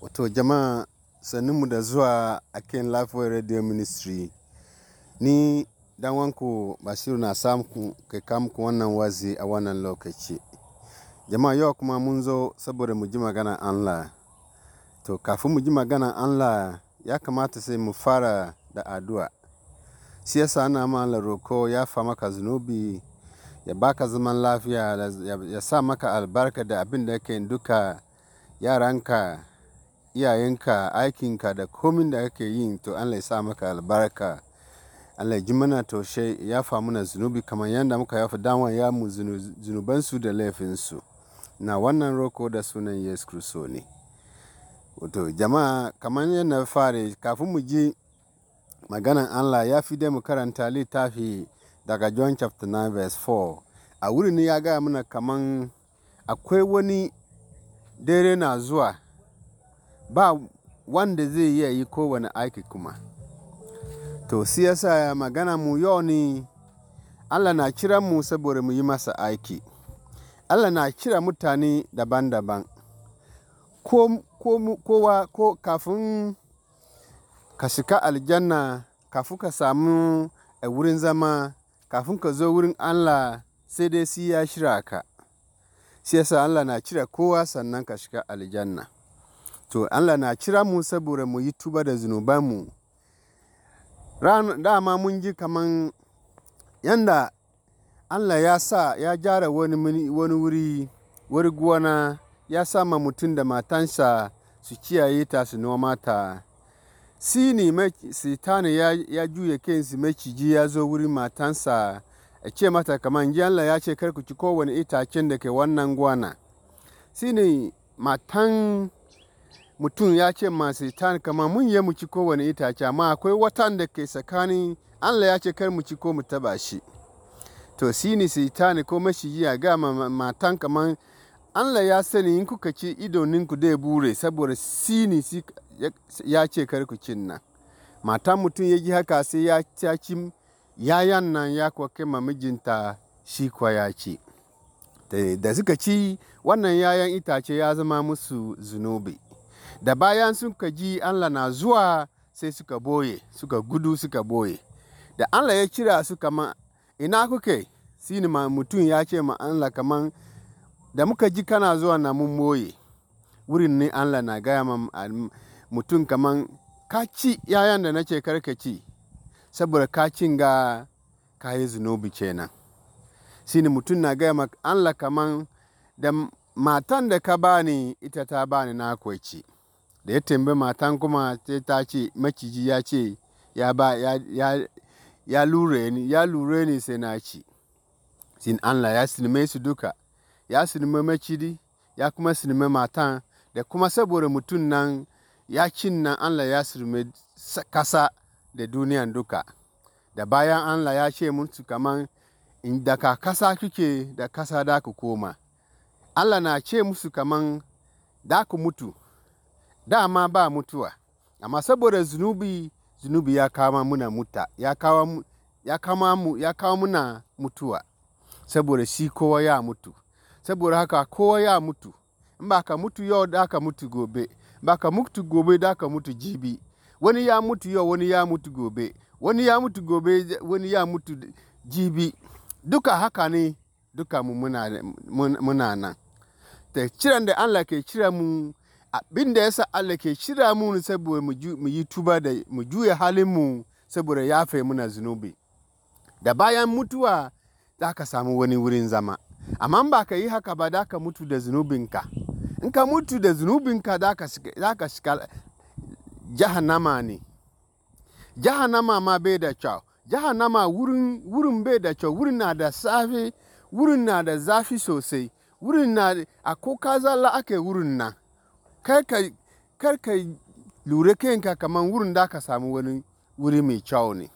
Wato jama'a mu da zuwa a kan Lifeway Radio Ministry. Ni dan wanku Basiru na samu kai kamku wannan wazi a wannan lokaci. Jama'a yau kuma mun zo saboda mu ji magana Allah. To kafin mu ji magana Allah ya kamata sai mu fara da addu'a. Shi yasa ana ma roko ya fa maka zunubi ya baka zaman lafiya ya sa maka albarka da abin da yake duka yaranka iyayenka aikinka da komin da kake yi to Allah ya sa maka albarka Allah ji mana taushe ya fa mana zunubi kamar yadda muka yafa dama ya mu zunubansu da laifinsu na wannan roko da sunan Yesu Kristo ne wato jama'a kamar yadda fare kafin mu ji maganan Allah ya fi dai mu karanta littafi daga John chapter 9 verse 4 a wurin ya gaya mana kaman akwai wani dare na zuwa ba wanda zai iya yi kowane aiki kuma to siyasa magana mu yau ne allah na kira mu saboda mu yi masa aiki allah na kira mutane daban-daban kowa ko, kafin ka shiga aljanna kafin ka samu a eh, wurin zama kafin ka zo wurin allah sai dai si ya shira ka siyasa allah na cire kowa sannan ka shiga aljanna to Allah na kira mu saboda mu yi tuba da zunubanmu dama mun ji kaman yanda Allah ya sa ya gyara wani wuri wuri gona ya sa ma mutum da matansa su kiyaye ta su noma ta ne mai ya, ya juya kansu maciji ya zo wurin matansa a ce mata kaman ji Allah ya ce karku ci kowane itacen da ke wannan gwana sini matan mutum ya ce ma ta kama mun yi mu ci kowane itace amma akwai watan da ke tsakanin Allah ya ce kar mu ci ko mu taba shi to shi ne ko ko yi a ga matan kaman Allah ya sani in kuka ci idoninku dai bure saboda shi ne ya ce kar ku cin nan matan mutum ya ji haka sai ya ci yayan nan ya kuwa kai mijinta shi kwa ya ce da suka ci wannan yayan itace ya zama musu zunubi da bayan suka ji Allah na zuwa sai suka boye suka gudu suka boye da Allah ya kira su kaman ina kuke sini ma mutum ya ce ma Allah kaman da muka ji kana zuwa na mun boye wurin ne Allah na gaya ma mutum kaman ka ci yayan da nace karka ci saboda ka cin ga ka yi zunubi kenan sini mutum na gaya ma Allah kaman da matan da ka bani ita ta bani na kwaici. da ya tambayi matan kuma sai ta ce maciji ya ce ya ba ya lura ni ya lura ni sai na ci sin Allah ya sinima su duka ya sinima maciji ya kuma sinima matan da kuma saboda mutum nan ya cin nan Allah ya sinima kasa da duniyan duka da bayan Allah ya ce mutu kaman daga kasa kike da kasa da ku koma Allah na ce musu kaman da ku mutu dama ba mutuwa amma saboda zunubi zunubi ya kama muna muta ya kawo ya kama mu ya kawo muna mutuwa saboda shi kowa ya mutu saboda haka kowa ya mutu in ba ka mutu yau da ka mutu gobe ba ka mutu gobe da ka mutu jibi wani ya mutu yau wani ya mutu gobe wani ya mutu gobe wani ya mutu jibi duka haka ne duka mu muna, nan ta ciran da Allah ke kira mu abin da yasa Allah ke shirya mu saboda mu yi tuba da mu juya halin mu saboda mu muna zunubi da bayan mutuwa za ka samu wani wurin zama amma ba ka yi haka ba za ka mutu da zunubinka in ka mutu da zunubinka za ka shiga jahannama ne jahannama ma bai da kyau jahannama wurin wurin bai da kyau wurin na da safi wurin na da zafi sosai wurin na a ko kaza la ake wurin nan kar ka lura kanka kamar wurin da ka samu wani wuri mai kyau ne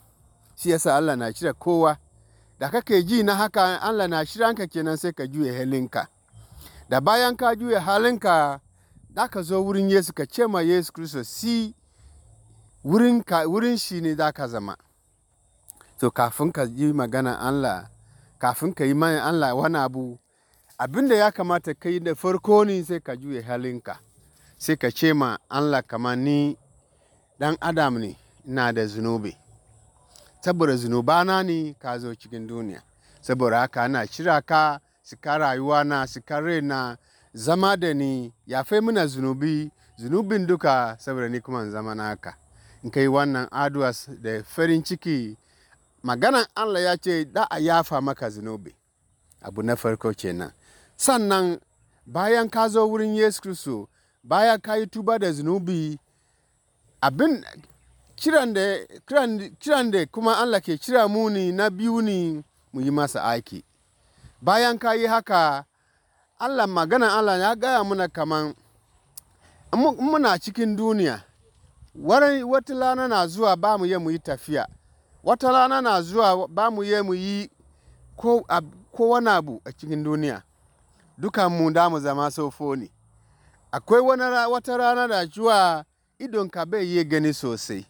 shi yasa allah na shirya kowa da ka ke ji na haka allah na shiranka kenan sai ka juya halinka da bayan ka juya halinka da ka zo wurin yesu ka ce ma yesu kristo si wurin shi ne za ka zama to kafin ka yi magana allah kafin ka yi mai allah wani abu abinda ya kamata ka yi da farko ne sai ka juya halinka sai ka ce ma Allah kamar ni dan adam ne ina da zunubi saboda zunubana ne ka zo cikin duniya saboda haka ana cira ka sika rayuwa na sika na zama da ni ya fai mana zunubi zunubin duka saboda ni kuma zama na haka in kai wannan addu'a da farin ciki maganan Allah ya ce da a yafa maka zunubi abu na farko kenan sannan bayan ka zo wurin yesu kristo bayan ka yi tuba da zunubi abin kiran da kuma Allah ke kira mu na biyu ne mu yi masa aiki bayan ka yi haka Allah magana Allah ya gaya muna kaman muna cikin duniya wata lana na zuwa ba mu yi mu yi tafiya wata lana na zuwa ba mu yi mu yi ko wani abu a cikin duniya dukan mu da mu zama sofo ne akwai wata rana da zuwa idonka bai yi gani sosai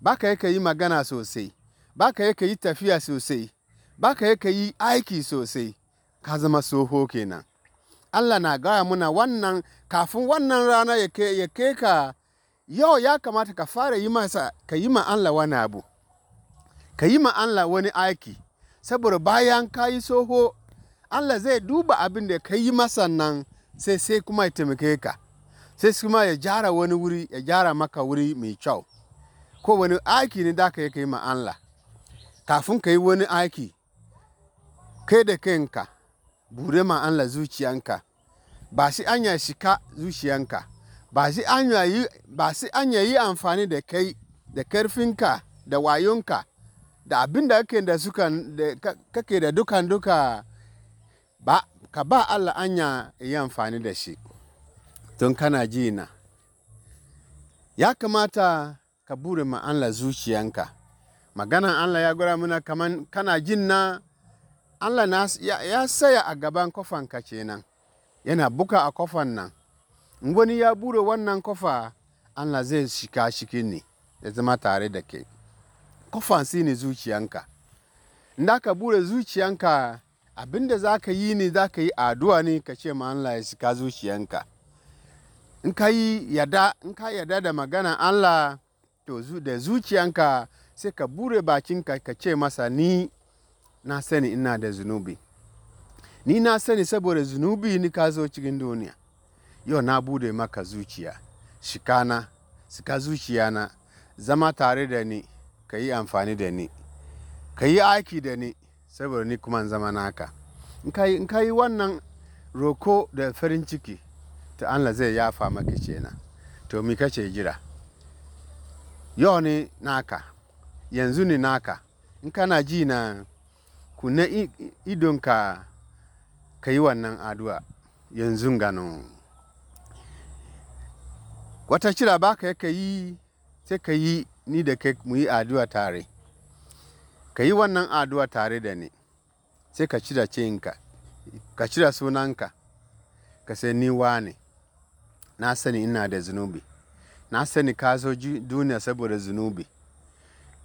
ba ka yi magana sosai ba ka yi tafiya sosai ba ka yi aiki sosai ka zama soho kenan allah na gaya muna wannan kafin wannan rana ya kai ka yau ya kamata ka fara yi masa ka yi ma allah wani abu ka yi ma allah wani aiki saboda bayan ka yi soho allah zai duba abin da ka yi masa nan sai sai kuma ya taimake ka sai kuma ya gyara wani wuri ya gyara maka wuri mai kyau ko wani aiki ne da ka yi kai ma'anla kafin ka yi wani aiki kai da kanka bude ma zuciyanka ba shi anya shika zuciyanka ba shi anya yi ba shi anya yi amfani da kai da karfinka da wayonka da abin da kake da suka kake da dukan duka ba ka ba allah anya yi amfani da shi don kana ji na ya kamata ka bure ma allah zuciyanka maganan allah ya gwada mana kaman kana jin na allah ya, saya a gaban kofanka kenan yana buka a kofan nan in wani ya bure wannan kofa allah zai shika cikin ne ya zama tare da ke kofan si ne zuciyanka in da ka bure zuciyanka abin da za ka yi ne za ka yi addu'a ne ka ce ma Allah ya sika zuciyanka in ka yi yada in ka yada da magana Allah to da zuciyanka sai ka bure bakinka ka ce masa ni na sani ina da zunubi ni na sani saboda zunubi ni ka zo cikin duniya yau na bude maka zuciya shikana sika zuciyana zama tare da ni ka yi amfani da ni ka yi aiki da ni saboda ni kuma in zama naka in ka yi wannan roko da farin ciki ta Allah zai yafa maka kenan to mi kace jira yau ne naka yanzu ne naka in kana ji na na idonka ka yi wannan addu'a yanzu gano wata cira ba ka yi sai ka yi ni da kai mu yi addu'a tare ka yi wannan addu'a tare da ni sai ka cira cinka ka cira sunanka ka sai ni wane na sani ina da zunubi na sani ka zo duniya saboda zunubi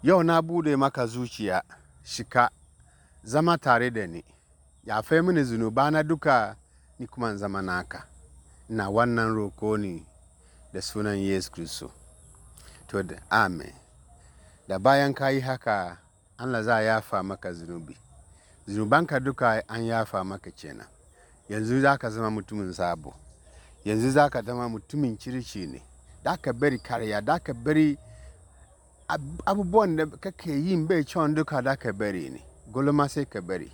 yau na bude maka zuciya shika zama tare da ni Ya fai mini zunuba na duka ni kuma zama naka na wannan roko ne da sunan yesu kristo to da amen da bayan ka yi haka Allah za a yafa maka zunubi zunubanka duka an yafa maka kenan yanzu za ka zama mutumin sabo yanzu za ka zama mutumin kirki ne da ka bari karya da ka bari abubuwan da kake yi bai cewa duka da ka bari ne gulma sai ka bari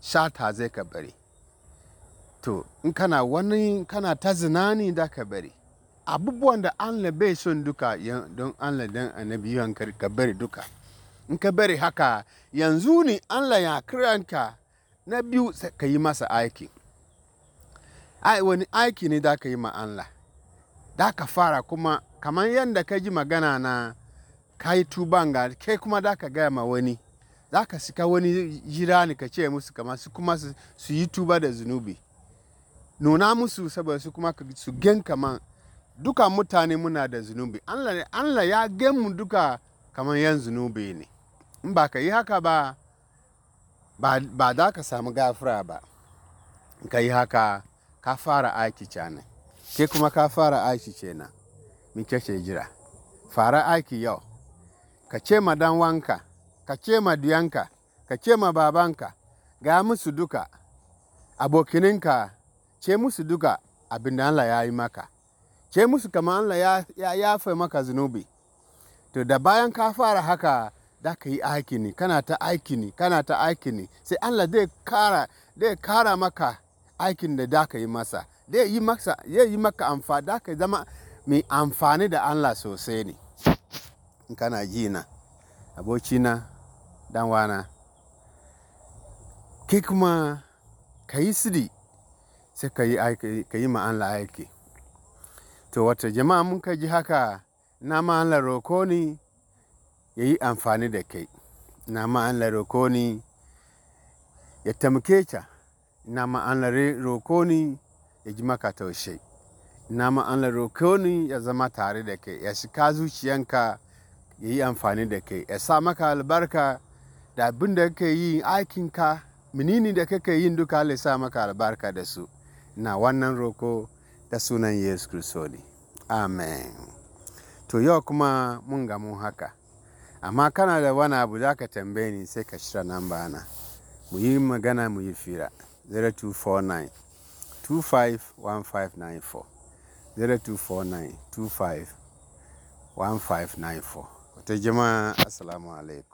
shata zai ka bari to in kana wani kana ta zinani da ka bari abubuwan da an bai son duka don an don annabi ka bari duka in ka bari haka yanzu ne allah ya kiranka na biyu ka yi masa aiki ai wani aiki ne da ka yi ma allah da ka fara kuma kamar yadda ka ji magana na ka yi tuban ga kai kuma da ka gaya ma wani za ka sika wani jira ne ka ce musu kamar su kuma su yi tuba da zunubi nuna musu saboda su kuma su gen duka mutane muna da zunubi allah ya gen mu duka kamar yan zunubi ne in ba ka yi haka ba ba za ka samu gafura ba ka yi haka ka fara aiki cana ke kuma ka fara aiki kenan min kake jira fara aiki yau ka ce ma dan wanka ka ce ma duyanka ka ce ma babanka ga musu duka abokininka ce musu duka abin da Allah ya yi maka ce musu kama Allah ya fai maka zunubi to da bayan ka fara haka da ka yi aiki ne kana ta aiki ne kana ta aiki ne sai allah zai kara zai kara maka aikin da da ka yi masa zai yi maka zai yi maka amfani da ka zama mai amfani da allah sosai ne in kana ji na na, dan wana ke kuma ka yi sidi sai ka yi ma allah aiki to wata jama'a mun ka ji haka na ma allah roko ne ya yi amfani da kai na lare rokoni ya tamke ka na lare rokoni ya ji maka taushe na lare rokoni ya zama tare da kai ya shika zuciyanka ya yi amfani da kai ya sa maka albarka da abin da kake yi aikinka minini da kake yin duka ya sa maka albarka da su na wannan roko da sunan Yesu Kristo ne amen to yau kuma mun gamu haka amma kana da wani abu za ka tambaye ni sai ka shira ba na mu yi magana mu yi fira 0249 251594 0249 251594 wata jama'a assalamu alaikum